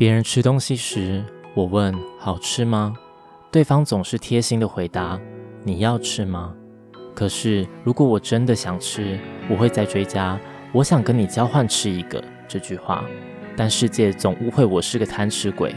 別人吃東西時，我問好吃嗎？對方總是貼心的回答你要吃嗎？可是如果我真的想吃，我會再追加我想跟你交換吃一個這句話，但世界總誤會我是個貪吃鬼。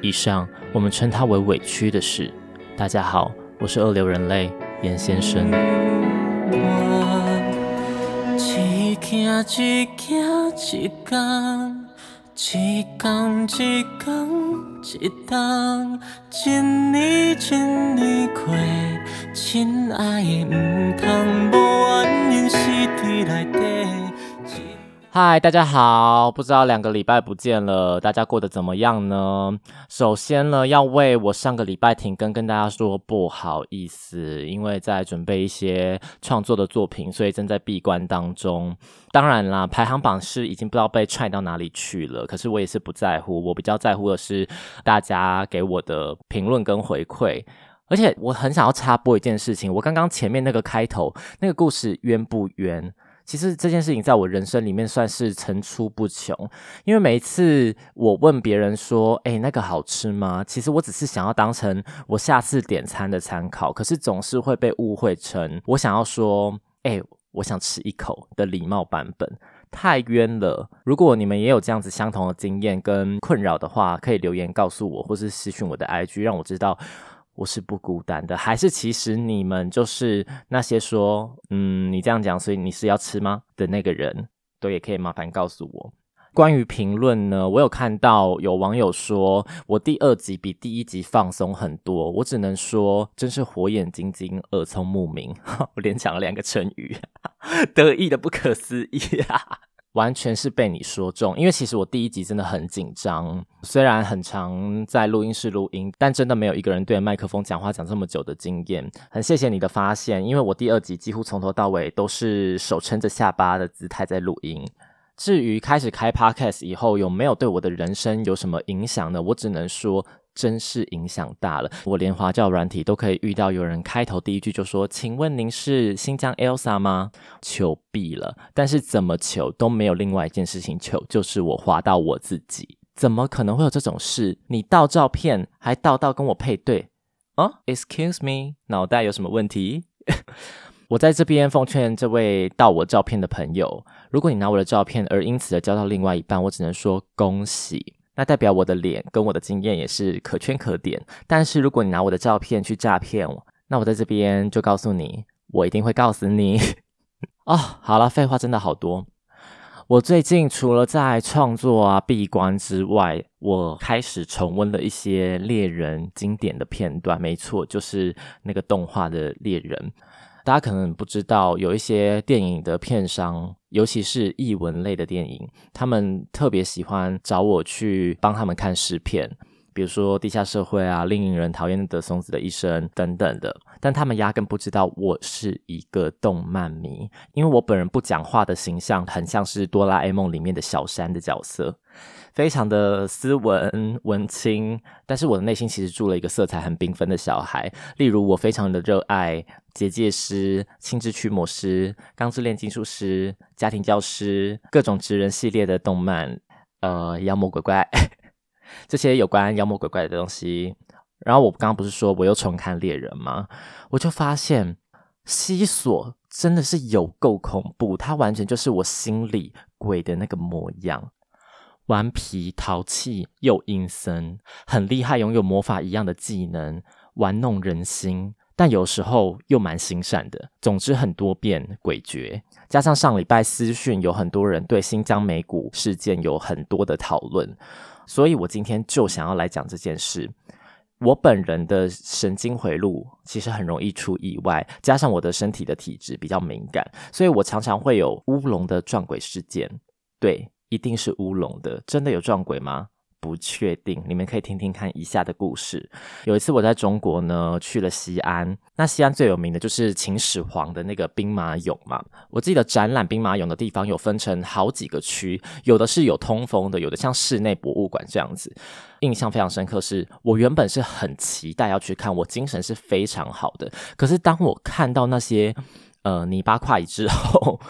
以上我們稱它為委屈的事。大家好，我是二流人類嚴先生。我一工一工一工，一年一年，過，親愛的毋通無原因死在內底。嗨，大家好！不知道兩個禮拜不見了，大家過得怎麼樣呢？首先呢，要為我上個禮拜停更跟大家說不好意思，因為在準備一些創作的作品，所以正在閉關當中。當然啦，排行榜是已經不知道被踹到哪裡去了，可是我也是不在乎。我比較在乎的是大家給我的評論跟回饋，而且我很想要插播一件事情。我剛剛前面那個開頭那個故事冤不冤？其實這件事情在我人生裡面算是層出不窮，因為每一次我問別人說：“哎、欸，那個好吃嗎？”其實我只是想要當成我下次點餐的參考，可是總是會被誤會成我想要說：“哎、欸，我想吃一口”的禮貌版本，太冤了。如果你們也有這樣子相同的經驗跟困擾的話，可以留言告訴我，或是私訊我的 IG，讓我知道。我是不孤單的，還是其實你們就是那些說，嗯，你這樣講，所以你是要吃嗎的那個人？對，也可以麻煩告訴我。關於評論呢，我有看到有網友說我第二集比第一集放鬆很多，我只能說真是火眼金睛，耳聰目明。 我連講了兩個成語， 得意的不可思議哈、啊！完全是被你說中，因為其實我第一集真的很緊張，雖然很常在錄音室錄音，但真的沒有一個人對麥克風講話講這麼久的經驗。很謝謝你的發現，因為我第二集幾乎從頭到尾都是手撐着下巴的姿態在錄音。至於開始開 podcast 以後有沒有對我的人生有什麼影響呢？我只能說。真是影響大了，我連滑交軟體都可以遇到有人開頭第一句就說：“請問您是新疆 Elsa 嗎？”糗斃了，但是怎麼糗都沒有另外一件事情糗，就是我滑到我自己，怎麼可能會有這種事？你盜照片還盜到跟我配對啊？Oh？Excuse me，腦袋有什麼問題？ 我在這邊奉勸這位盜我照片的朋友，如果你拿我的照片而因此而交到另外一半，我只能說恭喜。那代表我的臉跟我的經驗也是可圈可點，但是如果你拿我的照片去詐騙我，那我在這邊就告訴你，我一定會告訴你 哦。好了，廢話真的好多。我最近除了在創作啊閉關之外，我開始重溫了一些獵人經典的片段，沒錯，就是那個動畫的獵人。大家可能不知道，有一些電影的片商，尤其是藝文類的電影，他們特別喜歡找我去幫他們看試片。比如說地下社會啊、令人討厭的松子的一生等等的，但他們壓根不知道我是一個動漫迷，因為我本人不講話的形象很像是哆啦 A 夢裡面的小山的角色，非常的斯文文青，但是我的內心其實住了一個色彩很繽紛的小孩，例如我非常的熱愛結界師、青之驅魔師、鋼之煉金術師、家庭教師、各種職人系列的動漫，呃，妖魔鬼怪。這些有關妖魔鬼怪的東西，然後我剛剛不是說我又重看獵人嗎？我就發現西索真的是有夠恐怖，它完全就是我心裡鬼的那個模樣，頑皮淘氣又陰森，很厲害，擁有魔法一樣的技能，玩弄人心，但有時候又蠻心善的。總之很多變詭譎。加上上禮拜私訊有很多人對新疆美股事件有很多的討論。所以我今天就想要來講這件事。我本人的神經回路其實很容易出意外，加上我的身體的體質比較敏感，所以我常常會有烏龍的撞鬼事件。對，一定是烏龍的，真的有撞鬼嗎？不確定，你們可以聽聽看以下的故事。有一次我在中國呢去了西安，那西安最有名的就是秦始皇的那個兵馬俑嘛。我記得展覽兵馬俑的地方有分成好幾個區，有的是有通風的，有的像室內博物館這樣子。印象非常深刻是，是我原本是很期待要去看，我精神是非常好的，可是當我看到那些呃泥巴塊之後，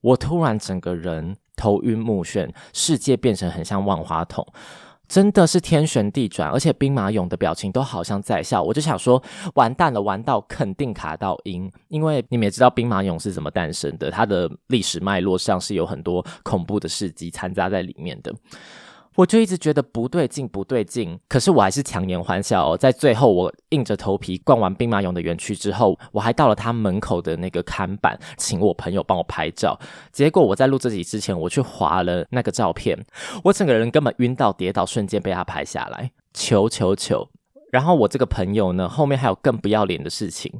我突然整個人頭暈目眩，世界變成很像萬花筒。真的是天旋地轉，而且兵馬俑的表情都好像在笑，我就想說，完蛋了，玩到肯定卡到陰。因為你們也知道兵馬俑是怎麼誕生的，它的歷史脈絡上是有很多恐怖的事蹟摻雜在裡面的。我就一直覺得不對勁，不對勁。可是我還是強顏歡笑哦。在最後，我硬着頭皮逛完兵馬俑的園區之後，我還到了他門口的那個看板，請我朋友幫我拍照。結果我在錄這集之前，我去滑了那個照片，我整個人根本暈到跌倒，瞬間被他拍下來。求求求！然後我這個朋友呢，後面還有更不要臉的事情，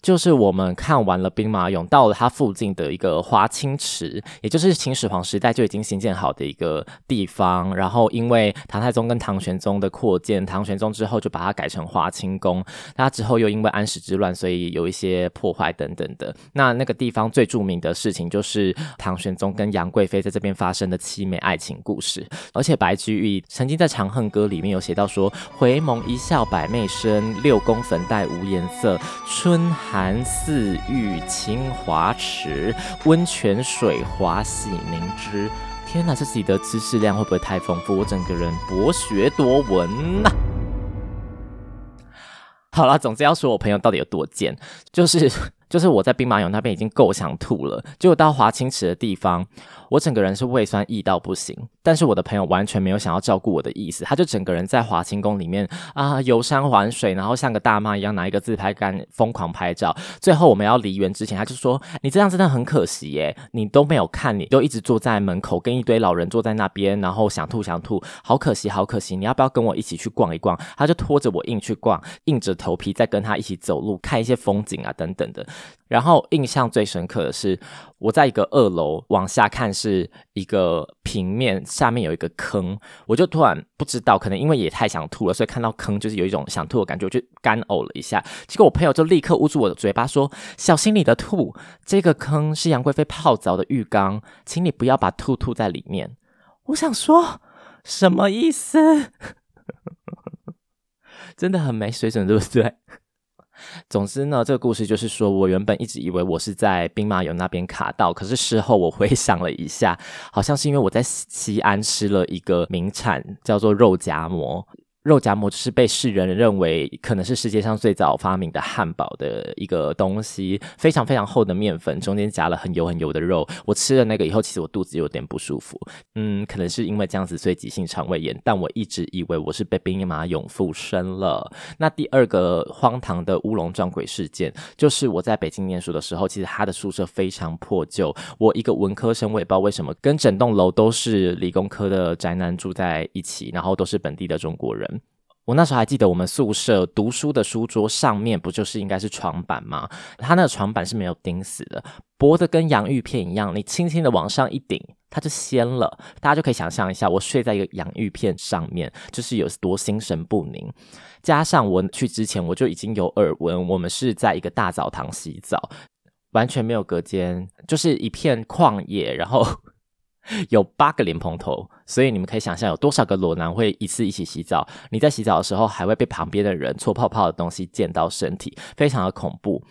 就是我們看完了兵馬俑，到了他附近的一個華清池，也就是秦始皇時代就已經新建好的一個地方。然後因為唐太宗跟唐玄宗的擴建，唐玄宗之後就把它改成華清宮。他之後又因為安史之亂，所以有一些破壞等等的。那那個地方最著名的事情就是唐玄宗跟楊貴妃在這邊發生的淒美愛情故事。而且白居易曾經在《長恨歌》裡面有寫到說：“回眸一笑。”百媚生，六宮粉黛無顏色。春寒賜浴清華池，溫泉水滑洗凝脂。天哪，這自己的知識量會不會太豐富？我整個人博學多聞吶！好啦，總之要說我朋友到底有多賤，就是。就是我在兵馬俑那邊已經夠想吐了，結果到華清池的地方，我整個人是胃酸溢到不行。但是我的朋友完全沒有想要照顧我的意思，他就整個人在華清宮裡面啊遊山玩水，然後像個大媽一樣拿一個自拍杆瘋狂拍照。最後我們要離園之前，他就說：“你這樣真的很可惜耶、欸，你都沒有看，你都一直坐在門口跟一堆老人坐在那邊，然後想吐想吐，好可惜好可惜。你要不要跟我一起去逛一逛？”他就拖着我硬去逛，硬着頭皮再跟他一起走路看一些風景啊等等的。然後印象最深刻的是，我在一個二樓往下看，是一個平面，下面有一個坑，我就突然不知道，可能因為也太想吐了，所以看到坑就是有一種想吐的感覺，我就乾嘔了一下。結果我朋友就立刻捂住我的嘴巴說：“小心你的吐，這個坑是楊貴妃泡澡的浴缸，請你不要把吐吐在裡面。”我想說，什麼意思？真的很沒水準，對不對？總之呢，這個故事就是說，我原本一直以為我是在兵馬俑那邊卡到，可是事後我回想了一下，好像是因為我在西安吃了一個名產，叫做肉夾饃。肉夾饃是被世人認為可能是世界上最早發明的漢堡的一個東西，非常非常厚的麵粉，中間夾了很油很油的肉。我吃了那個以後，其實我肚子有點不舒服，嗯，可能是因為這樣子，所以急性腸胃炎。但我一直以為我是被兵馬俑附身了。那第二個荒唐的烏龍撞鬼事件，就是我在北京念書的時候，其實他的宿舍非常破舊，我一個文科生，我也不知道為什麼跟整棟樓都是理工科的宅男住在一起，然後都是本地的中國人。我那時候還記得，我們宿舍讀書的書桌上面不就是應該是床板嗎？它那個床板是沒有釘死的，薄的跟洋芋片一樣，你輕輕的往上一頂，它就掀了。大家就可以想象一下，我睡在一個洋芋片上面，就是有多心神不寧。加上我去之前，我就已經有耳聞，我們是在一個大澡堂洗澡，完全沒有隔間，就是一片曠野，然後，有八個蓮蓬頭，所以你們可以想象有多少個裸男會一次一起洗澡。你在洗澡的時候，還會被旁邊的人搓泡泡的東西濺到身體，非常的恐怖。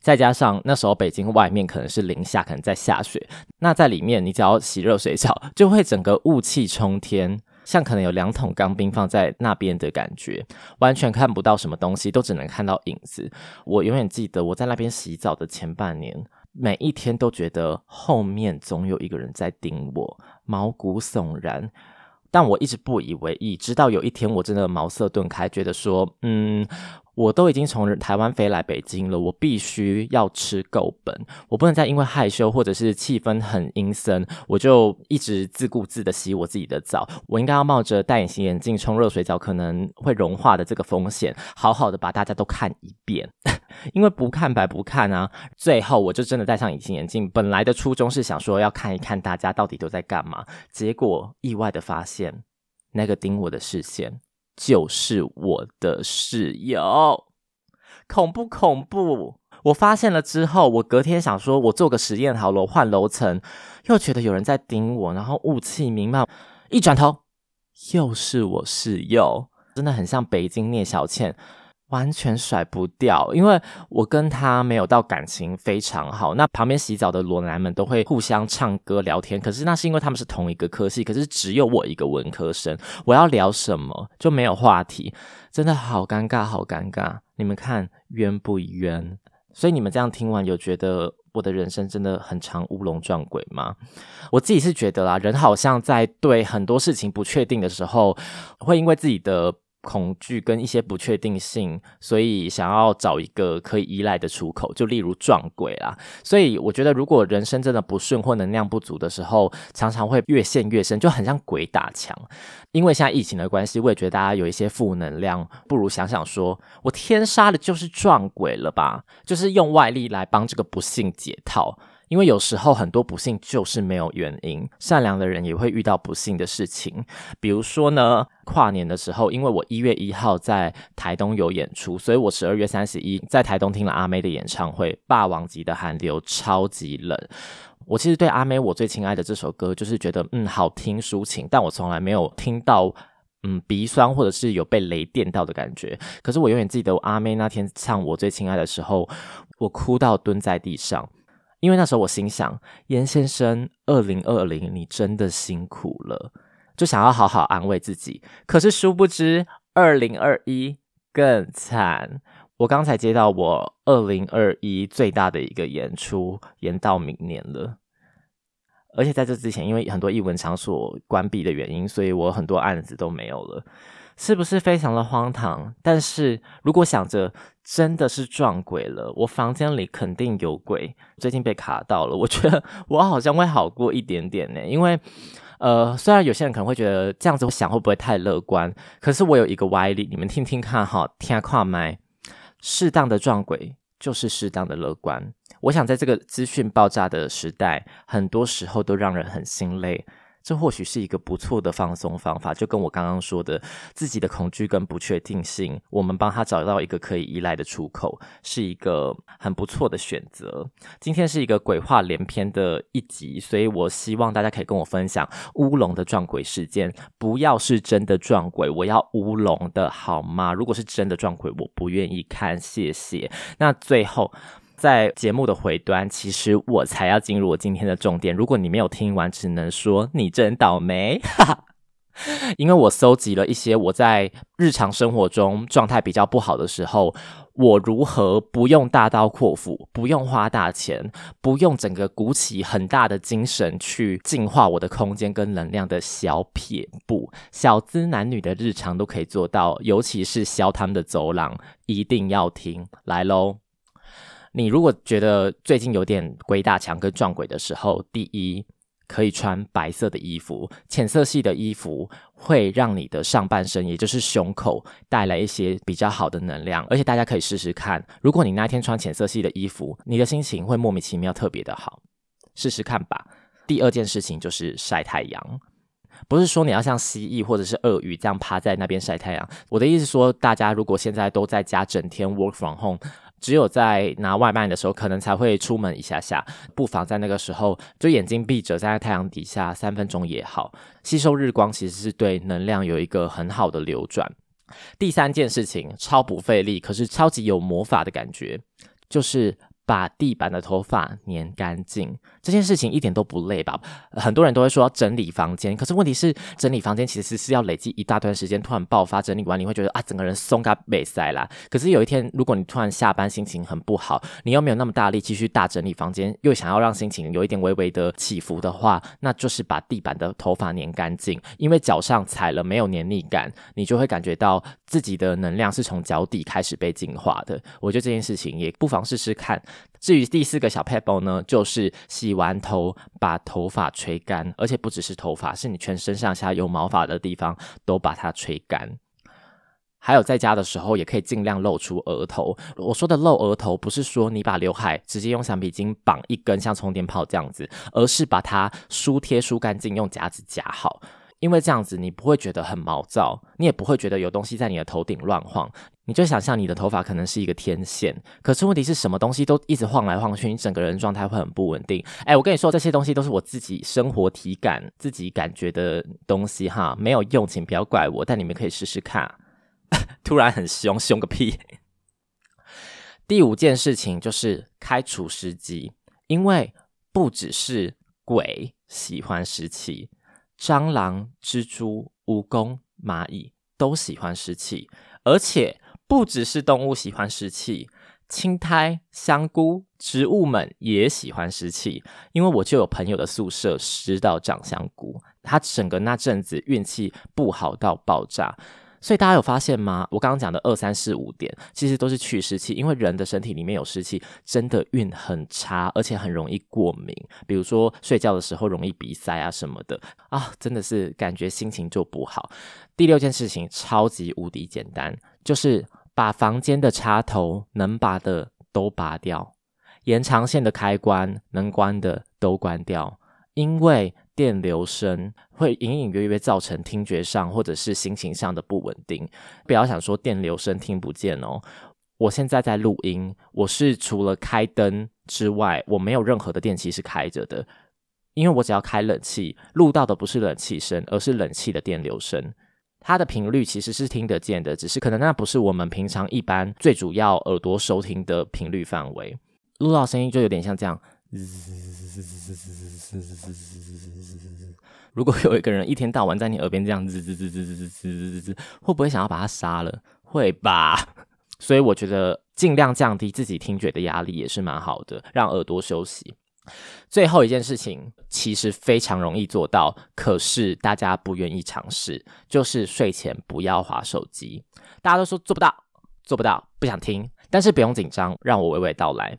再加上那時候北京外面可能是零下，可能在下雪，那在裡面你只要洗熱水澡，就會整個霧氣沖天，像可能有兩桶乾冰放在那邊的感覺，完全看不到什麼東西，都只能看到影子。我永遠記得我在那邊洗澡的前半年。每一天都覺得後面總有一個人在盯我，毛骨悚然。但我一直不以為意，直到有一天我真的茅塞頓開，覺得說，嗯，我都已經從台灣飛來北京了，我必須要吃夠本，我不能再因為害羞或者是氣氛很陰森，我就一直自顧自的洗我自己的澡。我應該要冒着戴隱形眼鏡，沖熱水澡可能會融化的這個風險，好好的把大家都看一遍。因為不看白不看啊，最後我就真的戴上隱形眼鏡。本來的初衷是想說要看一看大家到底都在幹嘛，結果意外的發現，那個盯我的視線就是我的室友，恐不恐怖？我發現了之後，我隔天想說我做個實驗，好了，換樓層，又覺得有人在盯我，然後霧氣瀰漫，一轉頭又是我室友，真的很像北京聶小倩。完全甩不掉，因為我跟他沒有到感情非常好。那旁邊洗澡的裸男們都會互相唱歌聊天，可是那是因為他們是同一個科系，可是只有我一個文科生，我要聊什麼就沒有話題，真的好尷尬，好尷尬。你們看冤不冤？所以你們這樣聽完有覺得我的人生真的很常烏龍撞鬼嗎？我自己是覺得啦，人好像在對很多事情不確定的時候，會因為自己的。恐懼跟一些不確定性，所以想要找一個可以依賴的出口，就例如撞鬼啦。所以我覺得，如果人生真的不順或能量不足的時候，常常會越陷越深，就很像鬼打牆。因為現在疫情的關係，我也覺得大家有一些負能量，不如想想說，我天殺的，就是撞鬼了吧？就是用外力來幫這個不幸解套。因為有時候很多不幸就是沒有原因，善良的人也會遇到不幸的事情。比如說呢，跨年的時候，因為我一月一號在台東有演出，所以我十二月三十一在台東聽了阿妹的演唱會，霸王級的寒流，超級冷。我其實對阿妹我最親愛的這首歌，就是覺得嗯好聽抒情，但我從來沒有聽到嗯鼻酸，或者是有被雷電到的感覺。可是我永遠記得我阿妹那天唱我最親愛的時候，我哭到蹲在地上。因為那時候我心想，嚴先生，二零二零你真的辛苦了，就想要好好安慰自己。可是殊不知，二零二一更慘。我剛才接到我二零二一最大的一個演出延到明年了，而且在這之前，因為很多藝文場所關閉的原因，所以我很多案子都沒有了，是不是非常的荒唐？但是如果想着。真的是撞鬼了，我房間裡肯定有鬼，最近被卡到了。我覺得我好像會好過一點點呢，因為呃，雖然有些人可能會覺得這樣子想會不會太樂觀，可是我有一個歪理，你們聽聽看哈，聽跨麥，適當的撞鬼就是適當的樂觀。我想在這個資訊爆炸的時代，很多時候都讓人很心累。這或許是一個不錯的放鬆方法，就跟我剛剛說的，自己的恐懼跟不確定性，我們幫他找到一個可以依賴的出口，是一個很不錯的選擇。今天是一個鬼話連篇的一集，所以我希望大家可以跟我分享烏龍的撞鬼事件，不要是真的撞鬼，我要烏龍的好嗎？如果是真的撞鬼，我不願意看，謝謝。那最後，在節目的回端，其實我才要進入我今天的重點。如果你沒有聽完，只能說你真倒霉，哈哈。因為我蒐集了一些我在日常生活中狀態比較不好的時候，我如何不用大刀闊斧，不用花大錢，不用整個鼓起很大的精神去淨化我的空間跟能量的小撇步，小資男女的日常都可以做到，尤其是消他們的走廊，一定要聽。來嘍。你如果覺得最近有點鬼打牆跟撞鬼的時候，第一可以穿白色的衣服，淺色系的衣服會讓你的上半身，也就是胸口帶來一些比較好的能量。而且大家可以試試看，如果你那天穿淺色系的衣服，你的心情會莫名其妙特別的好，試試看吧。第二件事情就是曬太陽，不是說你要像蜥蜴或者是鱷魚這樣趴在那邊曬太陽。我的意思說，大家如果現在都在家整天 work from home。只有在拿外賣的時候，可能才會出門一下下，不妨在那個時候就眼睛閉着在太陽底下三分鐘也好，吸收日光其實是對能量有一個很好的流轉。第三件事情超不費力，可是超級有魔法的感覺，就是。把地板的頭髮粘乾淨，這件事情一點都不累吧？很多人都會說要整理房間，可是問題是整理房間其實是要累積一大段時間，突然爆發整理完你會覺得啊整個人鬆開被塞啦。可是有一天如果你突然下班心情很不好，你又沒有那麼大力氣去大整理房間，又想要讓心情有一點微微的起伏的話，那就是把地板的頭髮粘乾淨，因為腳上踩了沒有黏膩感，你就會感覺到自己的能量是從腳底開始被淨化的。我覺得這件事情也不妨試試看。至於第四個小撇步呢，就是洗完頭把頭髮吹乾，而且不只是頭髮，是你全身上下有毛髮的地方都把它吹乾。還有在家的時候也可以盡量露出額頭。我說的露額頭，不是說你把劉海直接用橡皮筋綁一根像沖天炮，這樣子，而是把它梳貼梳乾淨，用夾子夾好。因為這樣子，你不會覺得很毛躁，你也不會覺得有東西在你的頭頂亂晃。你就想象你的頭髮可能是一個天線，可是問題是什麼東西都一直晃來晃去，你整個人狀態會很不穩定。哎，我跟你說，這些東西都是我自己生活體感、自己感覺的東西哈，沒有用，請不要怪我，但你們可以試試看。 突然很凶，凶個屁！第五件事情就是開除濕機，因為不只是鬼喜歡濕氣。蟑螂、蜘蛛、蜈蚣、螞蟻都喜歡濕氣，而且不只是動物喜歡濕氣，青苔、香菇，植物們也喜歡濕氣。因為我就有朋友的宿舍濕到長香菇，他整個那陣子運氣不好到爆炸。所以大家有發現嗎？我剛剛講的二三四五點，其實都是去濕氣，因為人的身體裡面有濕氣，真的運很差，而且很容易過敏。比如說睡覺的時候容易鼻塞啊什麼的啊，真的是感覺心情就不好。第六件事情超級無敵簡單，就是把房間的插頭能拔的都拔掉，延長線的開關能關的都關掉。因為電流聲會隱隱約約造成聽覺上或者是心情上的不穩定，不要想說電流聲聽不見哦。我現在在錄音，我是除了開燈之外，我沒有任何的電器是開着的，因為我只要開冷氣，錄到的不是冷氣聲，而是冷氣的電流聲。它的頻率其實是聽得見的，只是可能那不是我們平常一般最主要耳朵收聽的頻率範圍。錄到聲音就有點像這樣。滋滋滋滋滋滋滋滋滋滋滋滋滋滋滋，如果有一個人一天到晚在你耳邊這樣滋滋滋滋滋滋滋滋，會不會想要把他殺了？會吧。所以我覺得儘量降低自己聽覺的壓力也是蠻好的，讓耳朵休息。最後一件事情其實非常容易做到，可是大家不願意嘗試，就是睡前不要滑手機。大家都說做不到，做不到，不想聽。但是不用緊張，讓我娓娓道來。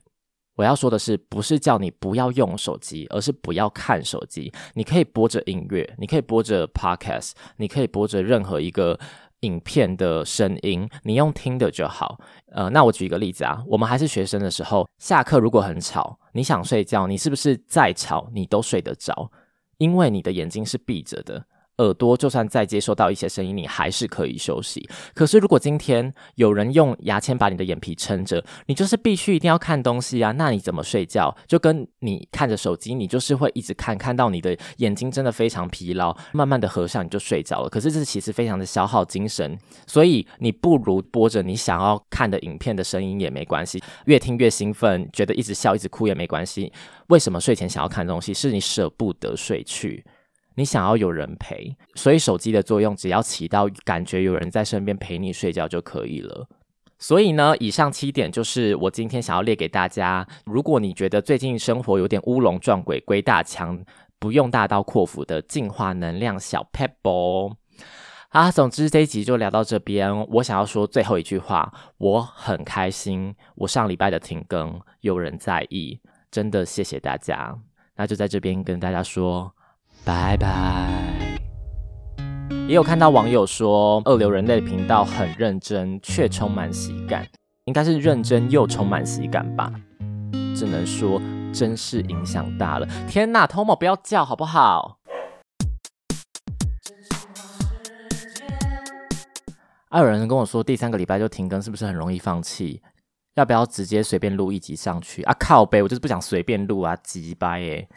我要說的是，不是叫你不要用手機，而是不要看手機。你可以播着音樂，你可以播着 podcast，你可以播着任何一個影片的聲音，你用聽的就好。呃，那我舉一個例子啊，我們還是學生的時候，下課如果很吵，你想睡覺，你是不是再吵你都睡得着？因為你的眼睛是閉着的。耳朵就算再接收到一些聲音，你還是可以休息。可是如果今天有人用牙籤把你的眼皮撐着，你就是必須一定要看東西啊，那你怎麼睡覺？就跟你看着手機，你就是會一直看，看到你的眼睛真的非常疲勞，慢慢的合上你就睡着了。可是這其實非常的消耗精神，所以你不如播着你想要看的影片的聲音也沒關係，越聽越興奮，覺得一直笑一直哭也沒關係。為什麼睡前想要看東西？是你捨不得睡去。你想要有人陪，所以手機的作用只要起到感覺有人在身邊陪你睡覺就可以了。所以呢，以上七點就是我今天想要列給大家。如果你覺得最近生活有點烏龍撞鬼鬼打牆，不用大刀闊斧的淨化能量小撇步啊，總之這一集就聊到這邊。我想要說最後一句話，我很開心，我上禮拜的停更有人在意，真的謝謝大家。那就在這邊跟大家說。拜拜。也有看到網友說，二流人類頻道很認真，卻充滿喜感，應該是認真又充滿喜感吧？只能說真是影響大了。天吶，Tomo，不要叫好不好？還、啊、有人跟我說，第三個禮拜就停更，是不是很容易放棄？要不要直接隨便錄一集上去啊？靠北，我就是不想隨便錄啊，雞掰哎。